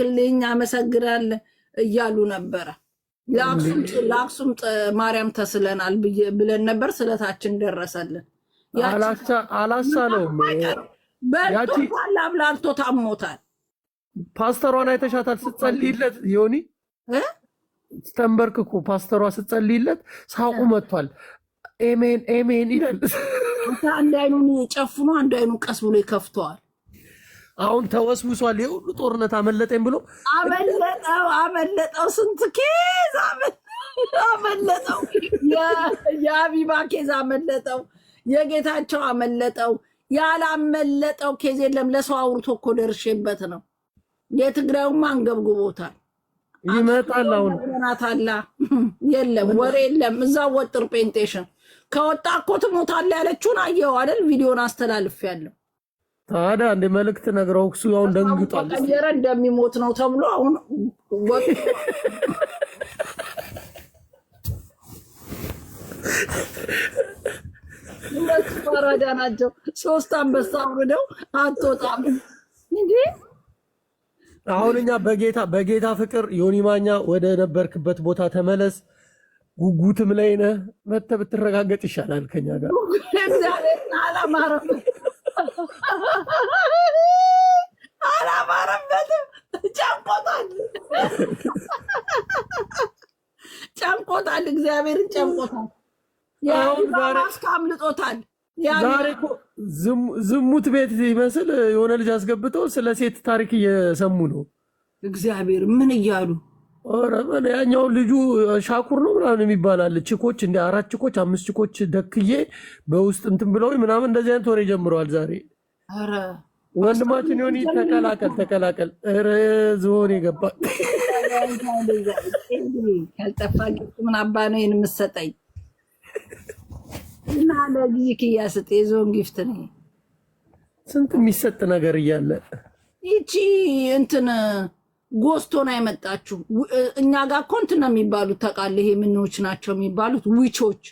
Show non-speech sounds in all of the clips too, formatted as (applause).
ላክልኝ አመሰግናለን እያሉ ነበረ። ለአክሱም ማርያም ተስለናል ብለን ነበር። ስለታችን ደረሰልን። አላሳለውም። በልቶ አብላልቶ ታሞታል። ፓስተሯን አይተሻታል ስትጸልይለት ዮኒ ስተንበርክኮ ፓስተሯ ስትጸልይለት ሳቁ መጥቷል። ኤሜን ኤሜን ይላል። አንድ አይኑን ጨፍኖ አንድ አይኑ ቀስ ብሎ ይከፍተዋል። አሁን ተወስውሷል። የሁሉ ጦርነት አመለጠኝ ብሎ አመለጠው አመለጠው፣ ስንት ኬዝ አመለጠው፣ የአቢባ ኬዝ አመለጠው፣ የጌታቸው አመለጠው። ያላመለጠው ኬዝ የለም። ለሰው አውርቶ እኮ ደርሼበት ነው። የትግራዩማ አንገብግቦታል። ይመጣል አሁን ናታላ የለም ወሬ የለም። እዛ ወጥር ጴንጤሽን ከወጣ እኮ ትሞታለህ ያለችውን አየኸው አይደል? ቪዲዮን ያለው ታዲያ እንደ መልእክት ነግረው እሱ አሁን ደንግጧል። ቀየረ እንደሚሞት ነው ተብሎ አሁን ሁለት ፈራዳ ናቸው። ሶስት አንበሳ አውርደው አትወጣም እንዴ? አሁን እኛ በጌታ በጌታ ፍቅር ዮኒ ማኛ ወደ ነበርክበት ቦታ ተመለስ። ጉጉትም ላይ ነህ። መተህ ብትረጋገጥ ይሻላል ከኛ ጋር አላማረበትም። ጨንቆታል፣ ጨንቆታል፣ እግዚአብሔርን ጨንቆታል። ማስክ አምልጦታል። ዝሙት ቤት ይመስል የሆነ ልጅ አስገብተው ስለ ሴት ታሪክ እየሰሙ ነው። እግዚአብሔር ምን እያሉ ያኛው ልጁ ሻኩር ነው ምናምን የሚባላል ችኮች እንደ አራት ችኮች አምስት ችኮች ደክዬ በውስጥ እንትን ብለው ምናምን እንደዚህ አይነት ወሬ ጀምረዋል። ዛሬ ወንድማችን ሆኒ ተቀላቀል ተቀላቀል ዝሆን የገባ ካልጠፋ ምን አባ ነው የምሰጠኝ እና ለዚህ ክያ ስጥ የዞን ጊፍት ነው ስንት የሚሰጥ ነገር እያለ ይቺ እንትን ጎስቶን አይመጣችሁ እኛ ጋር እኮ ነው የሚባሉት ታውቃለህ። ይሄ ምንዎች ናቸው የሚባሉት ዊቾች።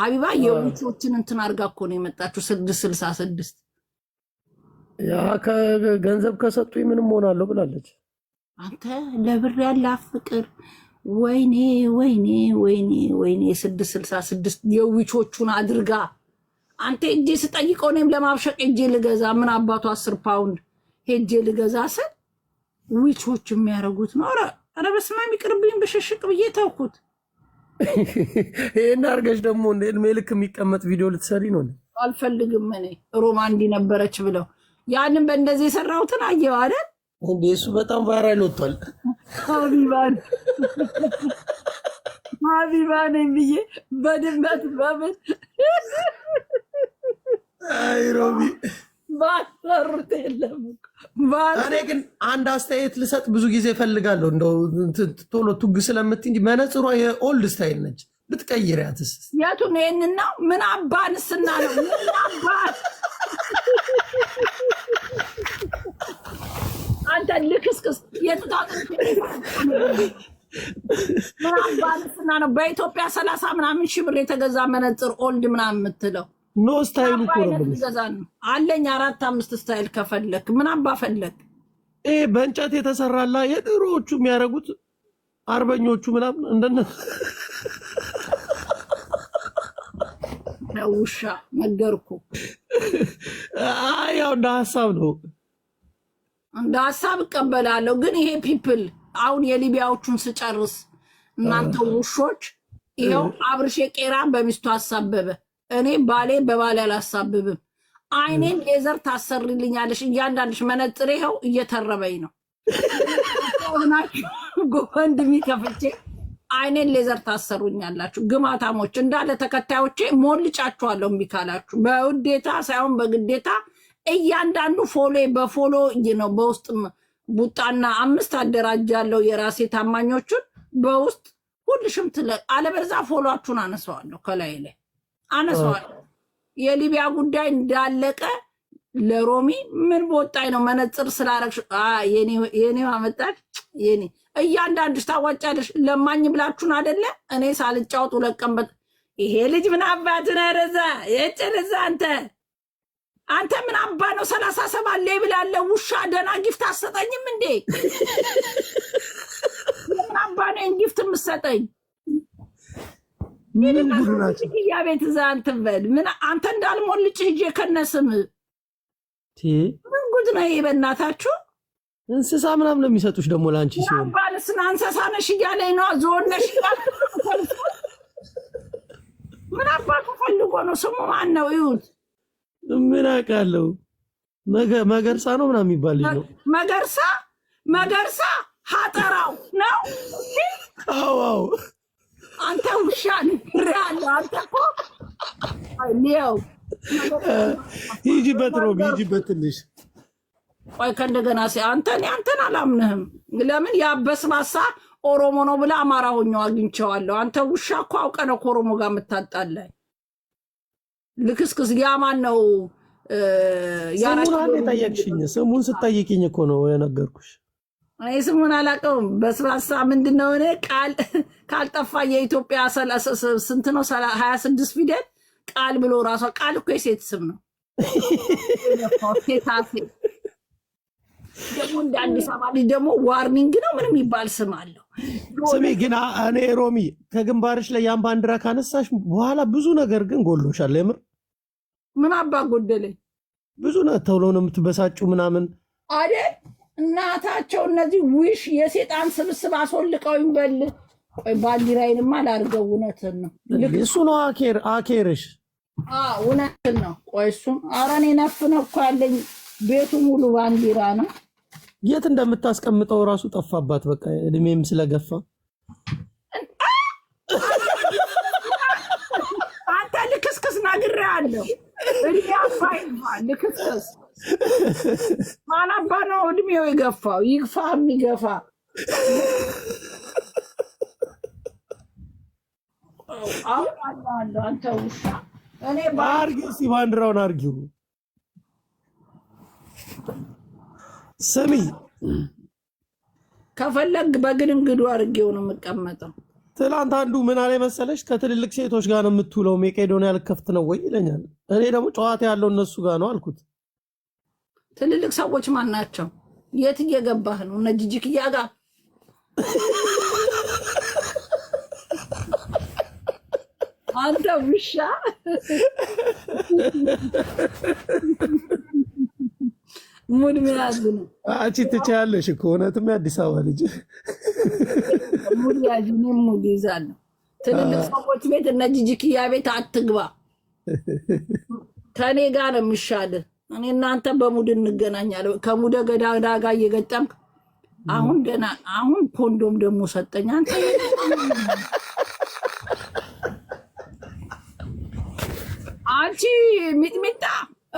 ሀቢባ የዊቾችን እንትን አድርጋ እኮ ነው የመጣችሁ። ስድስት ስልሳ ስድስት ያ ገንዘብ ከሰጡኝ ምንም ሆናለሁ ብላለች። አንተ ለብር ያለ ፍቅር ወይኔ ወይኔ ወይኔ ወይኔ ስድስት ስልሳ ስድስት የዊቾቹን አድርጋ አንተ እጄ ስጠይቀው እኔም ለማብሸቅ እጄ ልገዛ ምን አባቱ አስር ፓውንድ ሄጄ ልገዛ ስል ዊቾች የሚያደርጉት ነው። አረ በስመ አብ ይቅርብኝ፣ ብሽሽቅ ብዬ ተውኩት። ይህን አድርገሽ ደግሞ እድሜ ልክ የሚቀመጥ ቪዲዮ ልትሰሪ ነው? አልፈልግም እኔ ሮማ እንዲህ ነበረች ብለው ያንን በእንደዚህ የሰራሁትን አየው አይደል እንዴ? እሱ በጣም ቫይራል ወጥቷል። ሀቢባን ሀቢባን ብዬ በድመት በምን አይሮቢ ባሰሩት የለም እኮ እኔ ግን አንድ አስተያየት ልሰጥ ብዙ ጊዜ እፈልጋለሁ። እንደው ቶሎ ቱግ ስለምት እንጂ መነጽሯ የኦልድ ስታይል ነች። ብትቀይሪያትስ? የቱን ይህንን ነው? ምን አባ ንስና ነው? ምን አባ አንተ ልክስክስ የቱጣጥ ምን አባ ነው? በኢትዮጵያ ሰላሳ ምናምን ሺህ ብር የተገዛ መነጽር ኦልድ ምናምን የምትለው ኖ ስታይል እኮ ነው አለኝ። አራት አምስት ስታይል ከፈለክ ምን አባ ፈለክ? ይሄ በእንጨት የተሰራላ የድሮዎቹ የሚያደርጉት አርበኞቹ ምናምን እንደነ ውሻ ነገርኩ። ያው እንደ ሀሳብ ነው እንደ ሀሳብ እቀበላለሁ። ግን ይሄ ፒፕል አሁን የሊቢያዎቹን ስጨርስ እናንተ ውሾች፣ ይኸው አብርሽ ቄራን በሚስቱ አሳበበ እኔ ባሌን በባሌ አላሳብብም። አይኔን ሌዘር ታሰርልኛለሽ። እያንዳንድሽ መነጽሬ ይኸው እየተረበኝ ነው ሆናችሁ ጎፈንድሚ ከፍቼ አይኔን ሌዘር ታሰሩኛላችሁ። ግማታሞች እንዳለ ተከታዮቼ ሞልጫችኋለሁ። የሚካላችሁ በውዴታ ሳይሆን በግዴታ እያንዳንዱ ፎሎ በፎሎ ነው። በውስጥ ቡጣና አምስት አደራጃለሁ የራሴ ታማኞቹን በውስጥ ሁልሽም ትለ አለበዛ ፎሎችሁን አነሰዋለሁ ከላይ ላይ አነሷል። የሊቢያ ጉዳይ እንዳለቀ ለሮሚ ምን በወጣኝ ነው መነፅር ስላረግሽ የኔ ማመጣሽ የኔ እያንዳንዱ ታዋጫለሽ። ለማኝ ብላችሁን አደለ እኔ ሳልጫወት ሁለቀንበት ይሄ ልጅ ምን አባት ነረዛ የጭንዛ አንተ አንተ ምን አባ ነው ሰላሳ ሰባት ላይ ብላለ ውሻ ደና ጊፍት አሰጠኝም እንዴ? (laughs) ምን አባ ነው ጊፍት የምሰጠኝ? ያ ቤት እዛ ምን አንተ እንዳልሞልጭ ሂጅ የከነስም ምን ጉድ ነው ይሄ? በእናታችሁ እንስሳ ምናምን ነው የሚሰጡሽ ደግሞ ለአንቺ ሲሆን ባልስና እንስሳ ነሽ እያለኝ ነው። ዞን ነሽ ምን አባቱ ፈልጎ ነው? ስሙ ማን ነው? ምን አውቃለሁ። መገርሳ ነው ምናምን የሚባል ነው። መገርሳ መገርሳ ሀጠራው ነው። አዎ አዎ አንተ ውሻ ንሬያለሁ። አንተ እኮ ው ሂጂበት ነው ሂጂበት ትንሽ ቆይ ከእንደገና ሲ አንተን አንተን አላምንህም። ለምን ያበስባሳ ኦሮሞ ነው ብለህ አማራ ሆኜው አግኝቼዋለሁ። አንተ ውሻ እኮ አውቀህ ነው ከኦሮሞ ጋር የምታጣላኝ። ልክስክስ ያ ነው? ስሙን የጠየቅሽኝ ስሙን ስጠይቅኝ እኮ ነው የነገርኩሽ። ስሙን አላውቀውም። በስራሳ ምንድን ነው እኔ ቃል ካልጠፋ የኢትዮጵያ ስንት ነው? ሀያ ስድስት ፊደል ቃል ብሎ ራሷ ቃል እኮ የሴት ስም ነው። ደግሞ እንደ አዲስ አበባ ልጅ ደግሞ ዋርኒንግ ነው ምንም ይባል ስም አለው። ስሜ ግን እኔ ሮሚ ከግንባርሽ ላይ ያን ባንዲራ ካነሳሽ በኋላ ብዙ ነገር ግን ጎሎሻል። የምር ምን አባ ጎደለኝ ብዙ ነ ተውሎ ነው የምትበሳጩ ምናምን አይደል እናታቸው እነዚህ ውሽ የሴጣን ስብስብ አስወልቀው በል ቆይ ባንዲራዬንማ ላድርገው። እውነትን ነው እሱ ነው አኬርሽ እውነትን ነው። ቆይ እሱም ኧረ እኔ ነፍ እኮ ያለኝ ቤቱ ሙሉ ባንዲራ ነው። የት እንደምታስቀምጠው እራሱ ጠፋባት። በቃ እድሜም ስለገፋ አንተ ልክስክስ ነግሬሃለሁ። እድሜ ልክስክስ ማናባ ነው እድሜው የገፋው ይግፋ የሚገፋ አሁን አንተ ውሻ እኔ እስኪ ባንዲራውን አርጊው። ስሚ ከፈለግ በግድንግዱ አርጌው ነው የምቀመጠው። ትላንት አንዱ ምን አለ መሰለሽ፣ ከትልልቅ ሴቶች ጋር ነው የምትውለው፣ ሜቄዶንያ ልከፍት ነው ወይ ይለኛል። እኔ ደግሞ ጨዋታ ያለው እነሱ ጋር ነው አልኩት። ትልልቅ ሰዎች ማን ናቸው? የት እየገባህ ነው? እነ ጅጅክያ ጋር አንተ ውሻ ሙድ መያዝ ነው። አንቺ ትችያለሽ እኮ እውነትም፣ የአዲስ አበባ ልጅ ሙድ ያዥ፣ እኔም ሙድ ይዛለሁ። ትልልቅ ሰዎች ቤት እነ ጅጅክያ ቤት አትግባ። ከኔ ጋር ነው የሚሻልህ። እኔ እናንተ በሙድ እንገናኛለን። ከሙደ ገዳዳ ጋር እየገጠምክ አሁን ደና አሁን ኮንዶም ደግሞ ሰጠኝ። አንተ አንቺ ሚጥሚጣ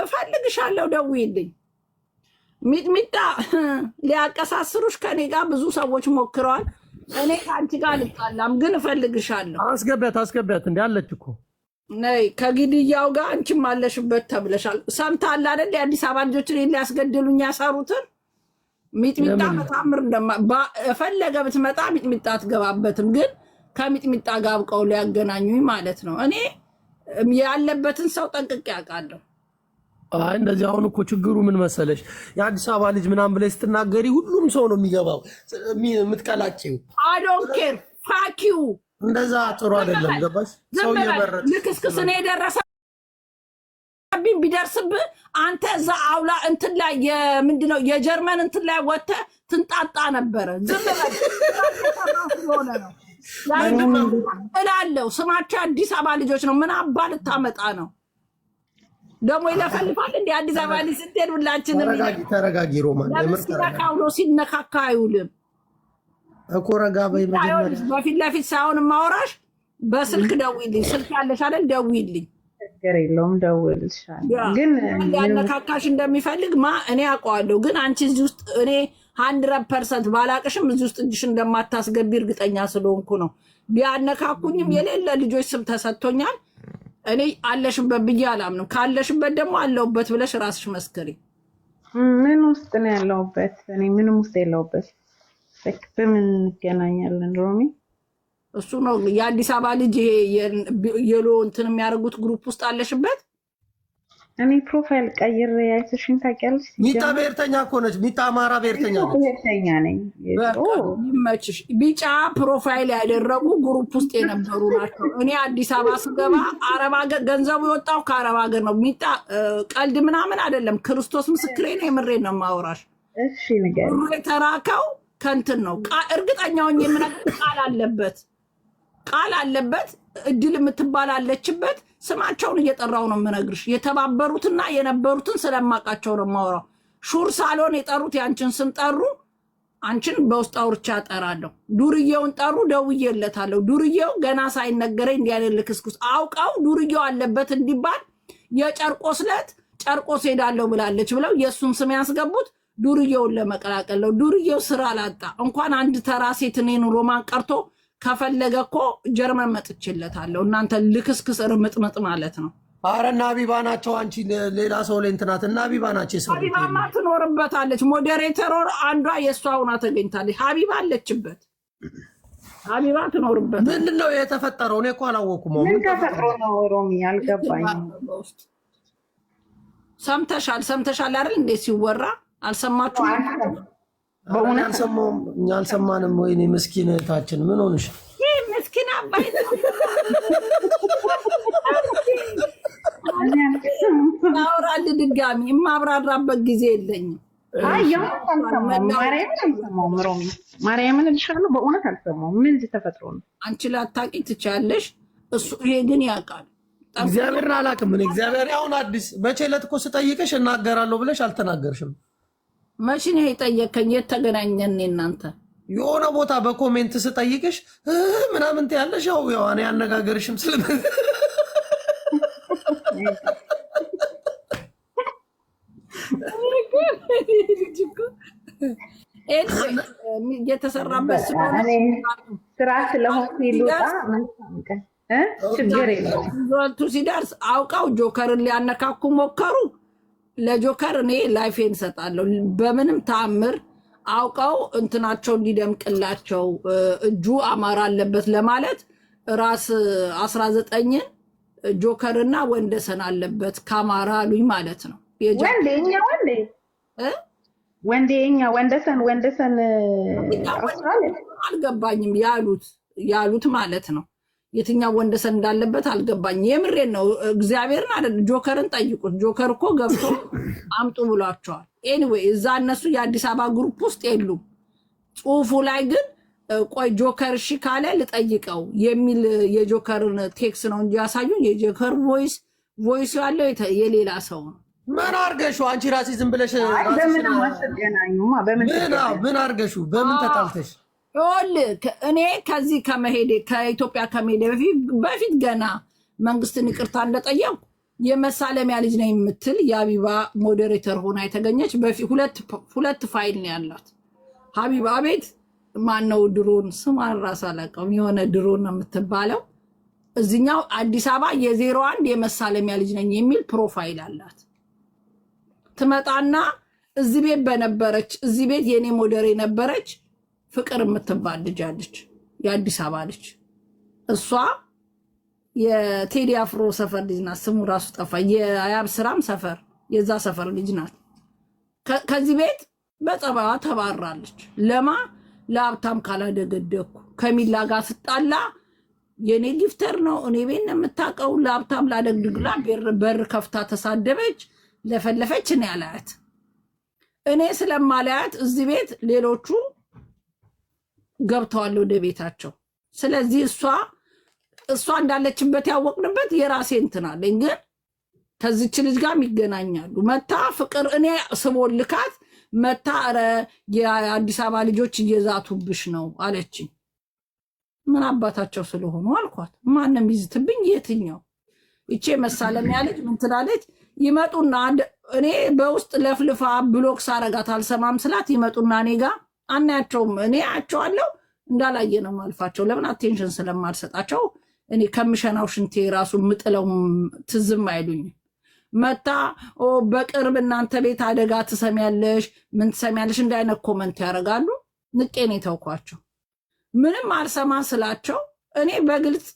እፈልግሻለሁ፣ ደውዪልኝ። ሚጥሚጣ ሊያቀሳስሩሽ ከኔ ጋር ብዙ ሰዎች ሞክረዋል። እኔ ከአንቺ ጋር አልጣላም፣ ግን እፈልግሻለሁ። አስገቢያት አስገቢያት፣ እንዲ አለች እኮ ነይ ከግድያው ጋር አንቺም አለሽበት ተብለሻል። ሰምተሃል አይደል? የአዲስ አበባ ልጆች እኔን ሊያስገድሉኝ ያሰሩትን ሚጥሚጣ በታምር የፈለገ ብትመጣ ሚጥሚጣ አትገባበትም፣ ግን ከሚጥሚጣ ጋር አብቀው ሊያገናኙኝ ማለት ነው። እኔ ያለበትን ሰው ጠንቅቄ አውቃለሁ። አይ እንደዚህ አሁን እኮ ችግሩ ምን መሰለሽ፣ የአዲስ አበባ ልጅ ምናምን ብለሽ ስትናገሪ ሁሉም ሰው ነው የሚገባው የምትቀላጭው። አይ ዶንት ኬር ፋኪው እንደዛ ጥሩ አይደለም። ገባሽ? ሰው የበረጥ ልክስክስ ነው የደረሰብኝ። ቢደርስብህ አንተ እዛ አውላ እንትን ላይ የምንድን ነው የጀርመን እንትን ላይ ወጥተህ ትንጣጣ ነበረ። ዝም ሆነ እላለሁ። ስማቸው አዲስ አበባ ልጆች ነው። ምን አባ ልታመጣ ነው ደግሞ ይለፈልፋል። እንደ አዲስ አበባ ልጅ ስትሄድ ሁላችንም ተረጋጊ፣ ተረጋጊ። ሮማን ለምስኪና ካውሎ ሲነካካ አይውልም። ኮረጋ በፊት ለፊት ሳይሆን ማውራሽ በስልክ ደውልኝ። ስልክ ያለሽ አይደል? ደውልኝ። ችግር የለውም ደውልልሻለሁ። ግን ያነካካሽ እንደሚፈልግ ማ እኔ አውቀዋለሁ። ግን አንቺ እዚህ ውስጥ እኔ ሀንድረድ ፐርሰንት ባላቅሽም እዚህ ውስጥ እጅሽ እንደማታስገቢ እርግጠኛ ስለሆንኩ ነው። ቢያነካኩኝም የሌለ ልጆች ስም ተሰጥቶኛል። እኔ አለሽበት ብዬ አላምንም። ካለሽበት ደግሞ አለሁበት ብለሽ ራስሽ መስክሪ። ምን ውስጥ ነው ያለውበት? እኔ ምንም ውስጥ የለውበት በምን እንገናኛለን ሮሚ? እሱ ነው የአዲስ አበባ ልጅ ይሄ የሎ እንትን የሚያደርጉት ግሩፕ ውስጥ አለሽበት። እኔ ፕሮፋይል ቀይሬ አይተሽኝ ታውቂያለሽ። ሚጣ ብሔርተኛ እኮ ነች። ሚጣ አማራ ብሔርተኛ ብሔርተኛ ነኝ። ይመችሽ። ቢጫ ፕሮፋይል ያደረጉ ግሩፕ ውስጥ የነበሩ ናቸው። እኔ አዲስ አበባ ስገባ አረብ ሀገር ገንዘቡ የወጣው ከአረብ ሀገር ነው። ሚጣ ቀልድ ምናምን አይደለም። ክርስቶስ ምስክሬ ነው። የምሬ ነው የማወራሽ። እሺ ንገሪኝ። የተራከው ከንትን ነው እርግጠኛውን የምነግር ቃል አለበት ቃል አለበት እድል የምትባላለችበት ስማቸውን እየጠራው ነው የምነግርሽ። የተባበሩትና የነበሩትን ስለማውቃቸው ነው የማወራው። ሹር ሳሎን የጠሩት ያንችን ስም ጠሩ። አንቺን በውስጥ አውርቻ ጠራለሁ። ዱርዬውን ጠሩ፣ ደውዬለታለሁ። ዱርዬው ገና ሳይነገረኝ እንዲያለ ልክስኩስ አውቃው ዱርዬው አለበት እንዲባል የጨርቆስ ዕለት ጨርቆስ ሄዳለሁ ብላለች ብለው የእሱን ስም ያስገቡት። ዱርዬውን ለመቀላቀል ነው። ዱርዬው ስራ አላጣ እንኳን አንድ ተራ ሴት እኔን ሮማን ቀርቶ ከፈለገ እኮ ጀርመን መጥቼለታለሁ። እናንተ ልክስክስ ርምጥምጥ ማለት ነው። አረ እና ሀቢባ ናቸው። አንቺ ሌላ ሰው ላይ እንትናት እና ሀቢባ ናቸው። ሀቢባማ ትኖርበታለች። ሞዴሬተር አንዷ የእሷ ሁና ተገኝታለች። ሀቢባ አለችበት። ሀቢባ ትኖርበት። ምንድን ነው የተፈጠረው? እኔ እኮ አላወኩም። ምን ተፈጥሮ ነው ሮሚ? አልገባኝ። ሰምተሻል? ሰምተሻል አይደል እንዴት ሲወራ አልሰማችሁም? በእውነት አልሰማሁም። እኛ አልሰማንም። ወይኔ ምስኪን እህታችን ምን ሆንሽ? ይህ ምስኪን አባይ ድጋሚ የማብራራበት ጊዜ የለኝም። ማርያምን እልሻለሁ፣ በእውነት አልሰማሁም። ምን ተፈጥሮ ነው? አንቺ እሱ ይሄ ግን ያውቃል። እግዚአብሔርን አላውቅም። እግዚአብሔር አሁን አዲስ መቼ ዕለት እኮ ስጠይቅሽ እናገራለሁ ብለሽ አልተናገርሽም። መሽን ጠየቀኝ የተገናኘን እናንተ የሆነ ቦታ በኮሜንት ስጠይቅሽ ምናምን ያለሽ ያው ያው አነጋገርሽም ስልም የተሰራበት ስራ ስለሆነ ሲደርስ አውቃው ጆከርን ሊያነካኩ ሞከሩ። ለጆከር እኔ ላይፌን ሰጣለሁ። በምንም ተአምር አውቀው እንትናቸው እንዲደምቅላቸው እጁ አማራ አለበት ለማለት ራስ አስራ ዘጠኝን ጆከርና ወንደሰን አለበት ከአማራ አሉኝ ማለት ነው። ወንዴኛ ወንዴ ወንዴኛ ወንደሰን ወንደሰን አልገባኝም ያሉት ያሉት ማለት ነው የትኛው ወንደሰን እንዳለበት አልገባኝ። የምሬን ነው። እግዚአብሔርን አደ ጆከርን ጠይቁት። ጆከር እኮ ገብቶ አምጡ ብሏቸዋል። ኤኒዌይ እዛ እነሱ የአዲስ አበባ ግሩፕ ውስጥ የሉም። ጽሁፉ ላይ ግን ቆይ ጆከር እሺ ካለ ልጠይቀው የሚል የጆከርን ቴክስ ነው እንጂ ያሳዩን የጆከር ቮይስ ቮይሱ ያለው የሌላ ሰው ነው። ምን አርገሹ አንቺ ራሴ ዝም ብለሽ ምን አርገሹ በምን ተጣልተሽ ይኸውልህ እኔ ከዚህ ከመሄዴ ከኢትዮጵያ ከመሄዴ በፊት ገና መንግስትን ይቅርታ እንደጠየቁ የመሳለሚያ ልጅ ነኝ የምትል የሀቢባ ሞዴሬተር ሆና የተገኘች ሁለት ፋይል ነው ያላት። ሀቢባ ቤት ማነው ድሮን ስም ራስ አላውቀውም፣ የሆነ ድሮን ነው የምትባለው። እዚኛው አዲስ አበባ የዜሮ አንድ የመሳለሚያ ልጅ ነኝ የሚል ፕሮፋይል አላት። ትመጣና እዚህ ቤት በነበረች እዚህ ቤት የእኔ ሞዴሬ ነበረች ፍቅር የምትባል ልጅ አለች፣ የአዲስ አበባ ልጅ። እሷ የቴዲ አፍሮ ሰፈር ልጅ ናት። ስሙ ራሱ ጠፋ። የአያብ ስራም ሰፈር የዛ ሰፈር ልጅ ናት። ከዚህ ቤት በጸባዋ ተባራለች። ለማ ለሀብታም ካላደገደኩ ከሚላ ጋር ስጣላ የእኔ ጊፍተር ነው እኔ ቤት ነው የምታውቀው። ለሀብታም ላደግድግላ በር ከፍታ ተሳደበች፣ ለፈለፈች። እኔ አላያት እኔ ስለማላያት እዚህ ቤት ሌሎቹ ገብተዋል ወደ ቤታቸው። ስለዚህ እሷ እሷ እንዳለችበት ያወቅንበት የራሴ እንትን አለኝ፣ ግን ከዚች ልጅ ጋርም ይገናኛሉ። መታ ፍቅር እኔ ስቦልካት መታ ኧረ የአዲስ አበባ ልጆች እየዛቱብሽ ነው አለችኝ። ምን አባታቸው ስለሆኑ አልኳት። ማንም ይዝትብኝ የትኛው ይቼ መሳለሚያ ልጅ ምን ትላለች? ይመጡና እኔ በውስጥ ለፍልፋ ብሎክ ሳረጋት አልሰማም ስላት ይመጡና እኔ ጋር አናያቸውም። እኔ አያቸዋለሁ እንዳላየ ነው ማልፋቸው። ለምን አቴንሽን ስለማልሰጣቸው እኔ ከምሸናው ሽንቴ ራሱ ምጥለው ትዝም አይሉኝም። መታ በቅርብ እናንተ ቤት አደጋ ትሰሚያለሽ፣ ምን ትሰሚያለሽ እንዲህ ኮመንት ያደርጋሉ። ንቄኔ ተውኳቸው። ምንም አልሰማ ስላቸው እኔ በግልጽ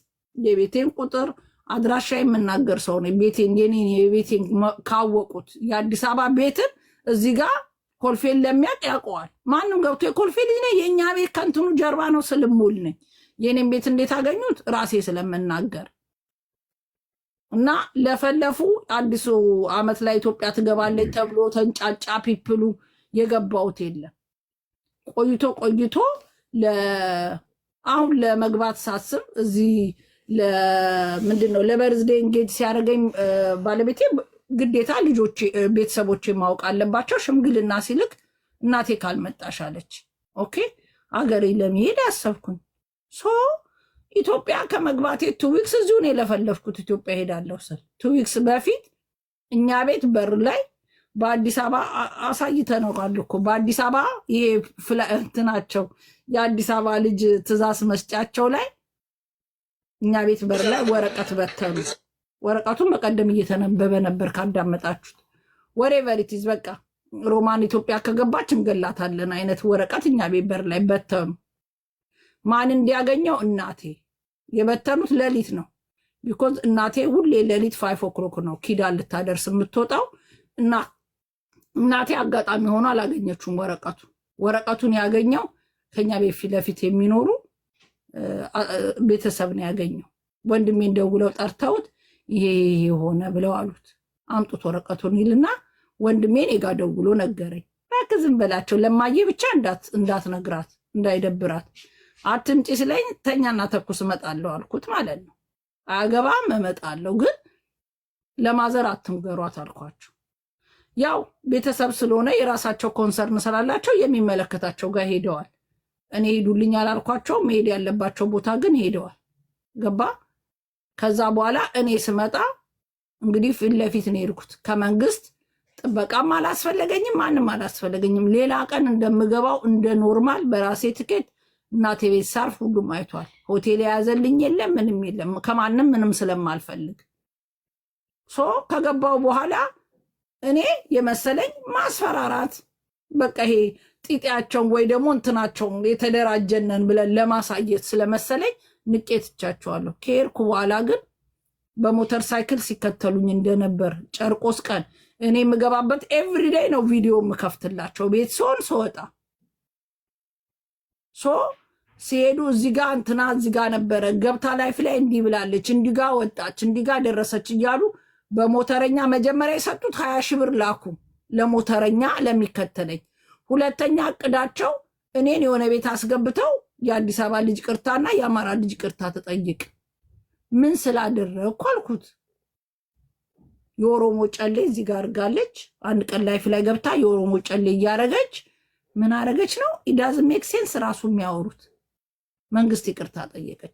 የቤቴን ቁጥር አድራሻ የምናገር ሰው ቤቴን የኔን የቤቴን ካወቁት የአዲስ አበባ ቤትን እዚህ ጋር ኮልፌን ለሚያውቅ ያውቀዋል። ማንም ገብቶ የኮልፌ ልጅ ነኝ የእኛ ቤት ከንትኑ ጀርባ ነው ስልሙል ነኝ። ቤት እንዴት አገኙት? ራሴ ስለምናገር እና ለፈለፉ አዲሱ አመት ላይ ኢትዮጵያ ትገባለች ተብሎ ተንጫጫ። ፒፕሉ የገባውት የለም። ቆይቶ ቆይቶ አሁን ለመግባት ሳስብ እዚህ ምንድን ነው ለበርዝዴ እንጌጅ ሲያደርገኝ ባለቤቴ ግዴታ ልጆች ቤተሰቦች ማወቅ አለባቸው። ሽምግልና ሲልክ እናቴ ካልመጣሽ አለች። ኦኬ አገሬ ለመሄድ ያሰብኩኝ ሶ ኢትዮጵያ ከመግባቴ ቱ ዊክስ ነው የለፈለፍኩት ኢትዮጵያ ሄዳለሁ ስል ቱ ዊክስ በፊት እኛ ቤት በር ላይ በአዲስ አበባ አሳይተነዋል እኮ በአዲስ አበባ ይሄ ፍለእንትናቸው የአዲስ አበባ ልጅ ትእዛዝ መስጫቸው ላይ እኛ ቤት በር ላይ ወረቀት በተኑ። ወረቀቱን በቀደም እየተነበበ ነበር ካዳመጣችሁት። ወሬቨር ኢት በቃ ሮማን ኢትዮጵያ ከገባች እንገላታለን አይነት ወረቀት እኛ ቤት በር ላይ በተኑ። ማን እንዲያገኘው? እናቴ የበተኑት ሌሊት ነው። ቢኮዝ እናቴ ሁሌ ሌሊት ፋይቭ ኦክሎክ ነው ኪዳን ልታደርስ የምትወጣው እና እናቴ አጋጣሚ ሆኖ አላገኘችውም ወረቀቱ። ወረቀቱን ያገኘው ከኛ ቤት ፊት ለፊት የሚኖሩ ቤተሰብ ነው ያገኘው። ወንድሜ ደውለው ጠርተውት ይሄ የሆነ ብለው አሉት። አምጡት ወረቀቱን ይልና ወንድሜ እኔ ጋ ደውሎ ነገረኝ። እባክህ ዝም በላቸው ለማየ ብቻ እንዳትነግራት እንዳይደብራት አትምጪ ስለኝ ተኛና ተኩስ እመጣለሁ አልኩት ማለት ነው። አገባም እመጣለሁ ግን ለማዘር አትንገሯት አልኳቸው። ያው ቤተሰብ ስለሆነ የራሳቸው ኮንሰርን ስላላቸው የሚመለከታቸው ጋር ሄደዋል። እኔ ሄዱልኝ አላልኳቸውም። መሄድ ያለባቸው ቦታ ግን ሄደዋል። ገባ ከዛ በኋላ እኔ ስመጣ እንግዲህ ፊት ለፊት ነው የሄድኩት። ከመንግስት ጥበቃም አላስፈለገኝም፣ ማንም አላስፈለገኝም። ሌላ ቀን እንደምገባው እንደ ኖርማል በራሴ ትኬት እናቴ ቤት ሳርፍ ሁሉም አይቷል። ሆቴል የያዘልኝ የለም፣ ምንም የለም። ከማንም ምንም ስለማልፈልግ ሶ ከገባው በኋላ እኔ የመሰለኝ ማስፈራራት በቃ ይሄ ጢጢያቸውን ወይ ደግሞ እንትናቸውን የተደራጀነን ብለን ለማሳየት ስለመሰለኝ ንቄ ትቻቸዋለሁ። ከሄድኩ በኋላ ግን በሞተር ሳይክል ሲከተሉኝ እንደነበር ጨርቆስ ቀን እኔ የምገባበት ኤቭሪዴይ ነው ቪዲዮ የምከፍትላቸው ቤት ሲሆን ስወጣ ሶ ሲሄዱ እዚህ ጋ እንትና እዚህ ጋ ነበረ ገብታ ላይፍ ላይ እንዲህ ብላለች፣ እንዲህ ጋ ወጣች፣ እንዲህ ጋ ደረሰች እያሉ በሞተረኛ መጀመሪያ የሰጡት ሀያ ሺህ ብር ላኩ ለሞተረኛ ለሚከተለኝ። ሁለተኛ እቅዳቸው እኔን የሆነ ቤት አስገብተው የአዲስ አበባ ልጅ ቅርታና የአማራ ልጅ ቅርታ ተጠይቅ ምን ስላደረግኩ አልኩት። የኦሮሞ ጨሌ እዚህ ጋር አድርጋለች። አንድ ቀን ላይፍ ላይ ገብታ የኦሮሞ ጨሌ እያረገች ምን አረገች ነው ኢዳዝ ሜክ ሴንስ ራሱ የሚያወሩት። መንግስት ይቅርታ ጠየቀች።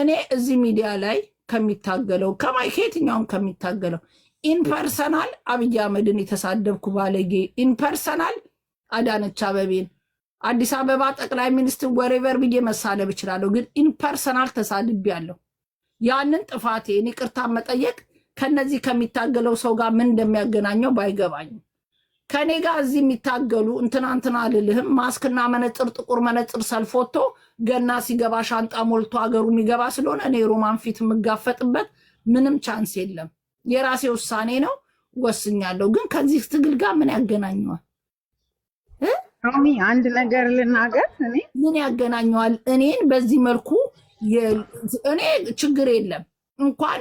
እኔ እዚህ ሚዲያ ላይ ከሚታገለው ከየትኛውም ከሚታገለው ኢንፐርሰናል አብይ አህመድን የተሳደብኩ ባለጌ ኢንፐርሰናል አዳነች አበቤን አዲስ አበባ ጠቅላይ ሚኒስትር ወሬቨር ብዬ መሳለብ እችላለሁ፣ ግን ኢንፐርሰናል ተሳድቤ ያለው ያንን ጥፋቴን ቅርታ መጠየቅ ከነዚህ ከሚታገለው ሰው ጋር ምን እንደሚያገናኘው ባይገባኝም ከኔ ጋር እዚህ የሚታገሉ እንትና እንትና አልልህም። ማስክና መነፅር ጥቁር መነፅር ሰልፎቶ ገና ሲገባ ሻንጣ ሞልቶ ሀገሩ የሚገባ ስለሆነ እኔ ሮማን ፊት የምጋፈጥበት ምንም ቻንስ የለም። የራሴ ውሳኔ ነው ወስኛለሁ። ግን ከዚህ ትግል ጋር ምን ያገናኘዋል? ሮሚ አንድ ነገር ልናገር። እኔ ምን ያገናኘዋል እኔን በዚህ መልኩ እኔ ችግር የለም እንኳን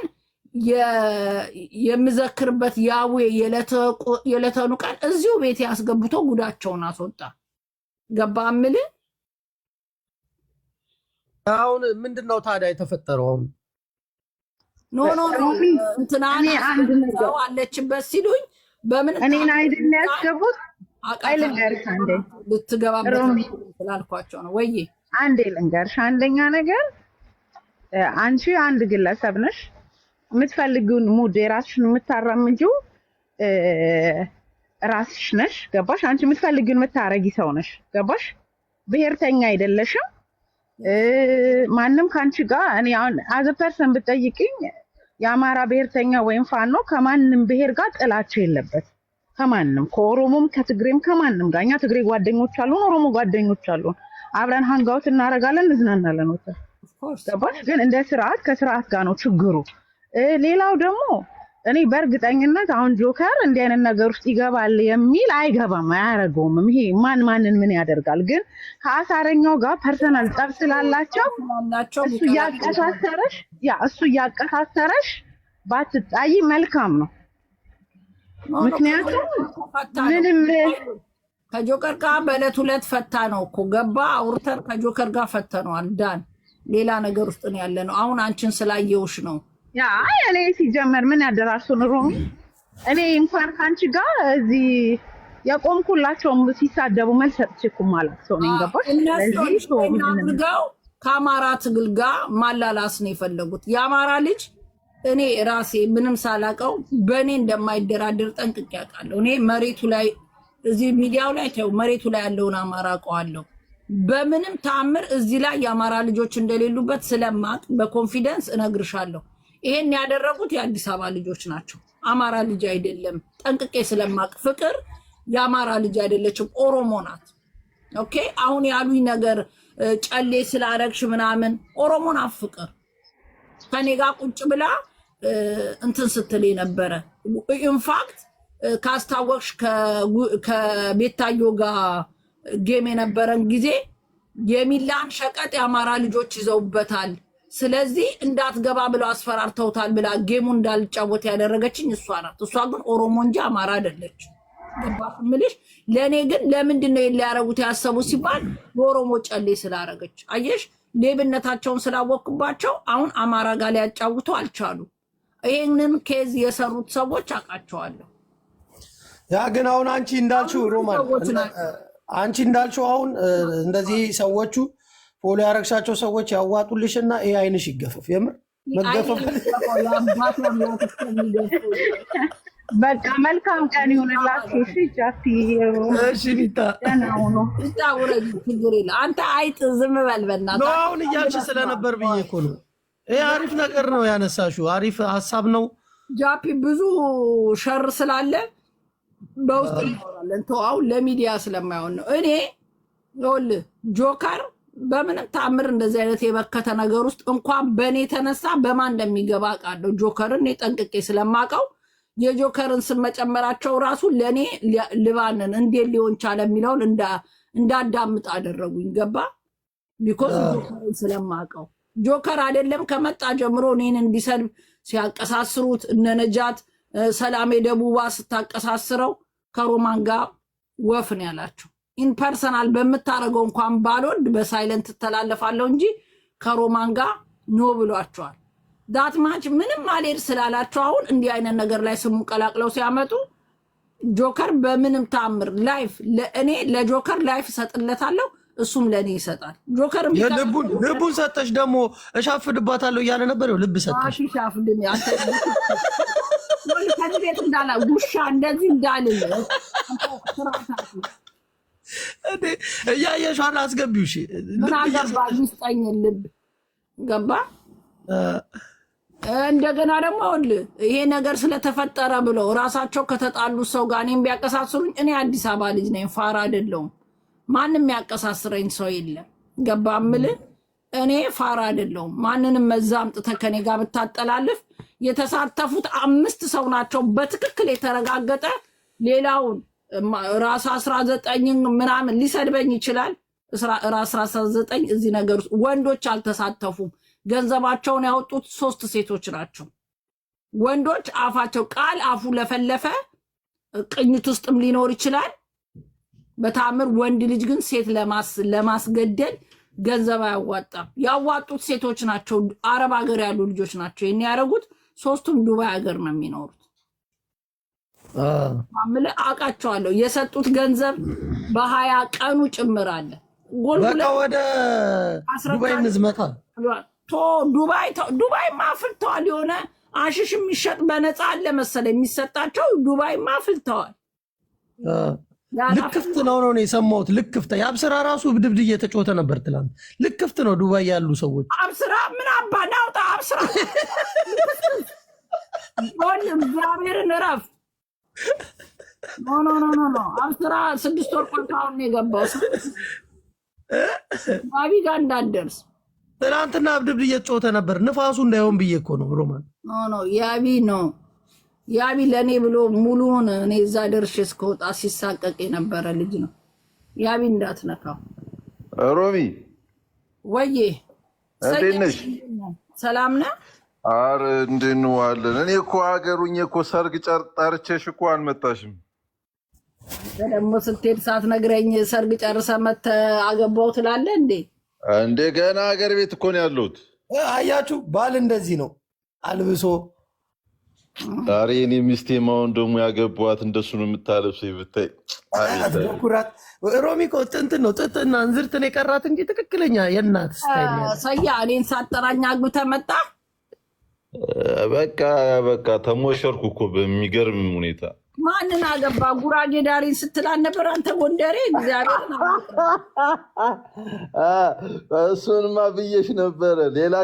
የምዘክርበት ያዌ የለተኑ ቃል እዚሁ ቤት ያስገብቶ ጉዳቸውን አስወጣ። ገባ ምል አሁን ምንድን ነው ታዲያ የተፈጠረው? አሁን ኖ ኖ እንትና አለችበት ሲሉኝ በምን እኔን አይደል ያስገቡት አይ ልንገርሽ አንዴ ልትገባበት ስላልኳቸው ነው ወይ አንዴ ልንገርሽ። አንደኛ ነገር አንቺ አንድ ግለሰብ ነሽ፣ የምትፈልጊውን ሙድ የራስሽን የምታራምጂው ራስሽ ነሽ። ገባሽ? አንቺ የምትፈልጊውን የምታረጊ ሰው ነሽ። ገባሽ? አይደለሽም። ማንም ከአንቺ ጋር እኔ አሁን አዘ ፐርሰን ብትጠይቅኝ የአማራ ብሄርተኛ ወይም ፋኖ ከማንም ብሄር ጋር ጥላቸው የለበት ከማንም ከኦሮሞም ከትግሬም ከማንም ጋር እኛ ትግሬ ጓደኞች አሉን፣ ኦሮሞ ጓደኞች አሉን። አብረን ሀንጋውት እናደርጋለን፣ እንዝናናለን። ወተ ግን እንደ ስርዓት ከስርዓት ጋር ነው ችግሩ። ሌላው ደግሞ እኔ በእርግጠኝነት አሁን ጆከር እንዲህ አይነት ነገር ውስጥ ይገባል የሚል አይገባም፣ አያደርገውም። ይሄ ማን ማንን ምን ያደርጋል? ግን ከአሳረኛው ጋር ፐርሰናል ጠብ ስላላቸው እሱ እያቀሳሰረሽ ያ እሱ እያቀሳሰረሽ ባትጣይ መልካም ነው። ምክንያቱም ምንም ከጆከር ጋር በዕለት ሁለት ፈታ ነው እኮ ገባ አውርተን ከጆከር ጋር ፈተነዋል። ዳን ሌላ ነገር ውስጥ ነው ያለ ነው። አሁን አንቺን ስላየውሽ ነው። እኔ ሲጀመር ምን ያደራሱ ኑሮ እኔ እንኳን ከአንቺ ጋር እዚህ የቆምኩላቸውም ሲሳደቡ መልስ ማለት ሰው ነው ገባሽ። ከአማራ ትግል ጋር ማላላስ ነው የፈለጉት የአማራ ልጅ እኔ ራሴ ምንም ሳላቀው በእኔ እንደማይደራደር ጠንቅቄ አውቃለሁ። እኔ መሬቱ ላይ እዚህ ሚዲያው ላይ ተው መሬቱ ላይ ያለውን አማራ አውቀዋለሁ። በምንም ተአምር እዚህ ላይ የአማራ ልጆች እንደሌሉበት ስለማቅ በኮንፊደንስ እነግርሻለሁ። ይሄን ያደረጉት የአዲስ አበባ ልጆች ናቸው። አማራ ልጅ አይደለም፣ ጠንቅቄ ስለማቅ ፍቅር የአማራ ልጅ አይደለችም፣ ኦሮሞ ናት። ኦኬ አሁን ያሉኝ ነገር ጨሌ ስላረግሽ ምናምን ናት ፍቅር ከኔ ጋር ቁጭ ብላ እንትን ስትል ነበረ። ኢንፋክት ካስታወቅሽ ከቤታዮ ጋር ጌም የነበረን ጊዜ የሚላን ሸቀጥ የአማራ ልጆች ይዘውበታል፣ ስለዚህ እንዳትገባ ብለው አስፈራርተውታል ብላ ጌሙ እንዳልጫወት ያደረገችኝ እሷ ናት። እሷ ግን ኦሮሞ እንጂ አማራ አይደለች። ገባሽ እምልሽ። ለእኔ ግን ለምንድን ነው ሊያረጉት ያሰቡ ሲባል የኦሮሞ ጨሌ ስላረገች አየሽ ሌብነታቸውን ስላወቅኩባቸው አሁን አማራ ጋር ሊያጫውቱ አልቻሉ። ይህንን ኬዝ የሰሩት ሰዎች አውቃቸዋለሁ። ያ ግን አሁን አንቺ እንዳልችው ሮማን አንቺ እንዳልችው አሁን እንደዚህ ሰዎቹ ፎሎ ያረግሻቸው ሰዎች ያዋጡልሽ እና ይሄ አይንሽ ይገፈፍ። የምር መገፈፍ በቃ መልካም ቀን ይሁንላችሁ። እሺ ችግር የለም። አንተ አይጥ ዝም በል በእናትህ። አሁን እያልሽ ስለነበር ብዬ እኮ ነው። ይሄ አሪፍ ነገር ነው ያነሳሽው፣ አሪፍ ሀሳብ ነው ጃፒ። ብዙ ሸር ስላለ በውስጥ ተው አሁን ለሚዲያ ስለማይሆን ነው። እኔ ይኸውልህ ጆከር በምንም ተአምር እንደዚህ አይነት የበከተ ነገር ውስጥ እንኳን በእኔ የተነሳ በማን እንደሚገባ አውቃለሁ። ጆከርን እኔ ጠንቅቄ ስለማውቀው የጆከርን ስም መጨመራቸው ራሱ ለእኔ ልባንን እንዴት ሊሆን ቻለ የሚለውን እንዳዳምጥ አደረጉኝ። ገባ ቢኮዝ ጆከርን ስለማውቀው ጆከር አይደለም ከመጣ ጀምሮ እኔን እንዲሰድብ ሲያቀሳስሩት እነነጃት ሰላሜ ደቡባ ስታቀሳስረው ከሮማን ጋር ወፍ ያላቸው። ኢንፐርሰናል በምታደርገው እንኳን ባልወድ በሳይለንት ትተላለፋለሁ እንጂ ከሮማን ጋር ኖ ብሏቸዋል። ዳትማች ምንም አልሄድ ስላላቸው አሁን እንዲህ አይነት ነገር ላይ ስሙ ቀላቅለው ሲያመጡ ጆከር በምንም ታምር ላይፍ ለእኔ ለጆከር ላይፍ እሰጥለታለሁ፣ እሱም ለእኔ ይሰጣል። ጆከር ልቡን ሰጠሽ ደግሞ እሻፍድባታለሁ እያለ ነበር። ልብ ሰጠሽ ከቤት እንዳላ ውሻ እንደዚህ እንዳልል እያየሽ አላ አስገቢው ምን አገባ ይስጠኝ ልብ ገባ እንደገና ደግሞ ይሄ ነገር ስለተፈጠረ ብለው ራሳቸው ከተጣሉ ሰው ጋር እኔም ቢያቀሳስሩኝ እኔ አዲስ አበባ ልጅ ነኝ፣ ፋራ አይደለሁም። ማንም ያቀሳስረኝ ሰው የለም። ገባ ምል እኔ ፋራ አይደለሁም። ማንንም መዛ አምጥተህ ከኔ ጋር ብታጠላልፍ የተሳተፉት አምስት ሰው ናቸው በትክክል የተረጋገጠ። ሌላውን ራስ አስራ ዘጠኝ ምናምን ሊሰድበኝ ይችላል። ራስ አስራ ዘጠኝ እዚህ ነገር ወንዶች አልተሳተፉም። ገንዘባቸውን ያወጡት ሶስት ሴቶች ናቸው። ወንዶች አፋቸው ቃል አፉ ለፈለፈ ቅኝት ውስጥም ሊኖር ይችላል። በተአምር ወንድ ልጅ ግን ሴት ለማስገደል ገንዘብ አያዋጣም። ያዋጡት ሴቶች ናቸው። አረብ ሀገር ያሉ ልጆች ናቸው ይህን ያደረጉት። ሶስቱም ዱባይ ሀገር ነው የሚኖሩት። ምል አውቃቸዋለሁ። የሰጡት ገንዘብ በሀያ ቀኑ ጭምር አለ። ጎልበቃ ወደ ዱባይ እንዝመታል ቶ ዱባይ ዱባይ ማፍልተዋል። የሆነ አሽሽ የሚሸጥ በነፃ አለ መሰለ የሚሰጣቸው ዱባይ ማፍልተዋል። ልክፍት ነው ነው የሰማሁት። ልክፍት የአብስራ ራሱ ድብድ እየተጮተ ነበር ትላንት። ልክፍት ነው ዱባይ ያሉ ሰዎች አብስራ ምን አባ ናውጣ አብስራ እግዚአብሔርን እረፍ። ኖ ኖ ኖ ኖ አብስራ ስድስት ወር ቆይታ የገባው ባቢ ጋር እንዳትደርስ ትናንትና አብድብድ እየጮተ ነበር። ንፋሱ እንዳይሆን ብዬ እኮ ነው። ሮማን ኖ ያቢ ነው ያቢ ለእኔ ብሎ ሙሉውን እኔ እዛ ደርሼ እስከወጣ ሲሳቀቅ የነበረ ልጅ ነው። ያቢ እንዳትነካው። ሮሚ ወዬ እንዴት ነሽ? ሰላም ነህ? አረ እንዴት ዋለን? እኔ እኮ ሀገሩኝ እኮ ሰርግ ጣርቼሽ እኮ አልመጣሽም። ደግሞ ስትሄድ ሳትነግረኝ ሰርግ ጨርሰ መተ አገባው ትላለህ እንዴ? እንደገና ሀገር ቤት እኮ ነው ያሉት። አያችሁ ባል እንደዚህ ነው አልብሶ። ዛሬ እኔ ሚስቴ ማሆን ደግሞ ያገቧት እንደሱ ነው የምታለብሰ። ብታይ ኩራት ሮሚ እኮ ጥንትን ነው ጥጥና እንዝርትን የቀራት እንጂ ትክክለኛ የእናት ሰያ እኔን ሳጠራኛ አግብተህ ተመጣ በቃ በቃ ተሞሸርኩ እኮ በሚገርም ሁኔታ ማንን አገባ? ጉራጌ ዳሪን ስትላን ነበር። አንተ ጎንደሬ። እግዚአብሔር እሱንማ ብዬሽ ነበረ ሌላ